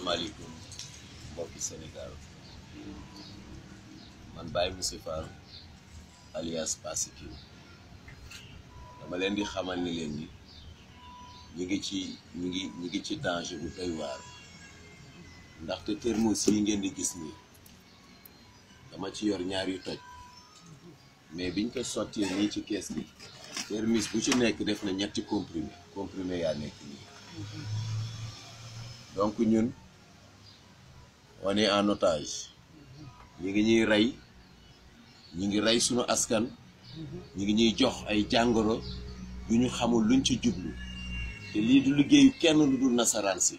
asalaamaaleykum mbokki Sénégal man Baye Moussa alias Pacifique dama leen di xamal ni leen ni ngi ci ñu ngi ñu ngi ci danger bu doy waar ndaxte thermos yi ngeen di gis nii dama ci yor ñaari toj mais biñ ko sottee nii ci kees gi thermos bu ci nekk def na ñetti comprimé comprimé yaa nekk nii donc ñun on est en otage ñi ngi ñuy rey ñi ngi rey suñu askan ñu ngi ñuy jox ay jàngoro yu ñu xamul luñ ci jublu te lii du liggéeyu kenn lu dul nasaraan si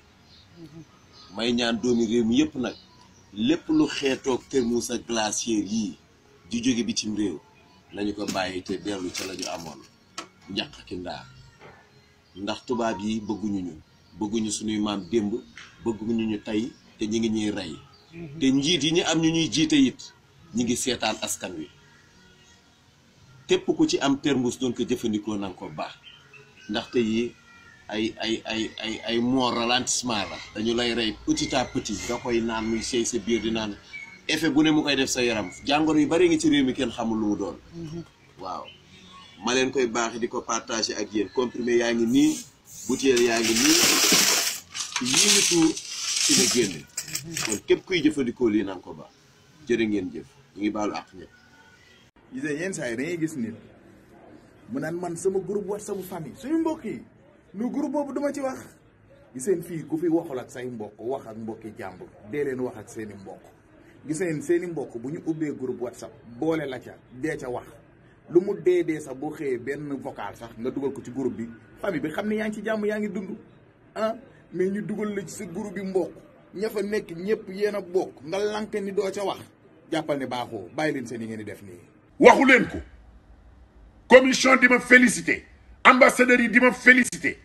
may ñaan doomi réew mi yépp nag lépp lu xeetoog termus ak glacier yii di jóge bitim réew nañu ko bàyyi te dellu ca la amoon njaq ki ndaa ndax tubaab yi bëgguñu ñu bëgguñu suñuy maam démb bëgguñu ñu tey te ñi ngi ñuy rey te njiit yi ñu am ñu ñuy jiite it ñi ngi seetaan askan wi tépp ku ci am termus doon ko jëfandikoo na nga ko baax ndaxte yi ay ay ay ay ay moor ralentissement la dañu lay rey petit à petit nga koy naan muy sey sa biir di naan effet bu ne mu koy def sa yaram jàngoro yu bari ngi ci réew mi kenn xamul lu mu doon waaw ma leen koy baax di ko partager ak yéen comprimé yaa ngi nii butéel yaa ngi nii yii ngi tuur ci la génn kon képp kuy jëfandikoo lii na nga ko baax jërë ngeen jëf ñu ngi baalu àq ñëpp. gisee yenn saa yi da gis nit mu naan man sama groupe whatsapp famille suñu mbokk yi nu group boobu duma ci wax giseen fii ku fi waxul ak say mbokk wax ak mbokki jàmbur dee leen wax ak seen i mbokk giseen seen i mbokk bu ñu ubbee groupe whatsapp boole la ca dee ca wax lu mu dee dee sax boo xëyee benn vocal sax nga dugal ko ci groupe bi famille bi xam ne yaa ngi ci jàmm yaa ngi dund ah mais ñu dugal la ci sa groupe bi mbokk ña fa nekk ñëpp yéen a bokk nga lank ni doo ca wax jàppal ne baaxoo bàyyi leen seen yi ngeen di def nii. waxu leen ko commission di ma félicité ambassadeurs yi di ma félicité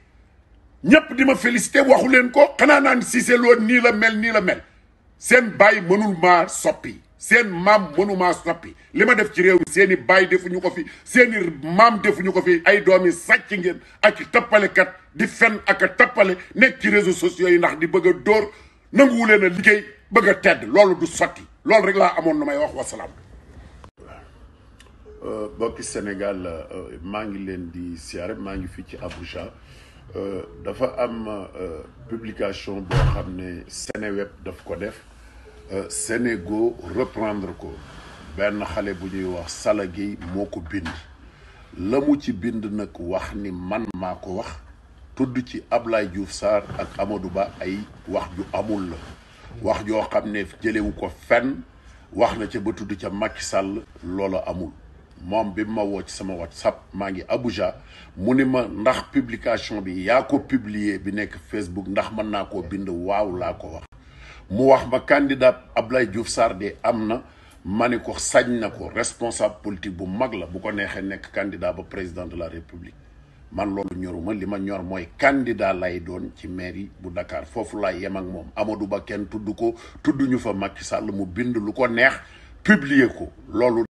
ñëpp di ma félicité waxu leen ko xanaa naan Cissé Lo nii la mel nii la mel seen baay mënul maa soppi seen maam mënu maa soppi li ma def ci réew mi seen i baay defuñu ko fi seen i maam defuñu ko fi ay doomi sàcc ngeen ak tappalekat di fen ak a tappale nekk ci réseaux sociaux yi ndax di bëgg a dóor. nanguwu leen a liggéey bëgg a tedd loolu du sotti loolu rek laa amoon na may wax wasalaam. Euh, mbokki Sénégal euh, maa ngi leen di siyaare maa ngi fii ci Abuja euh, dafa am publication boo xam ne Seneweb daf ko def Sénégo reprendre ko benn xale bu ñuy wax Sala Gueye moo ko bind la mu ci bind nag wax ni man maa ko wax tudd ci Ablaye juuf saar ak Amadou Ba ay wax ju amul la wax joo xam ne jëlewu ko fenn wax na ca ba tudd ca mag sàll loolu amul moom bi ma woo ci sama whatsapp maa ngi Abuja mu ni ma ndax publication bi yaa ko publier bi nekk Facebook ndax mën naa ko bind waaw laa ko wax mu wax ma candidat Ablaye Diouf Sarr de am na ma ne ko sañ na ko responsable politique bu mag la bu ko neexee nekk candidat ba président de la république man loolu ñoruma li ma ñor mooy candidat lay doon ci mairie bu ndakaar foofu laay yem ak moom amadu Ba kenn tudd ko tuddu ñu fa Macky Sall mu bind lu ko neex publier ko loolu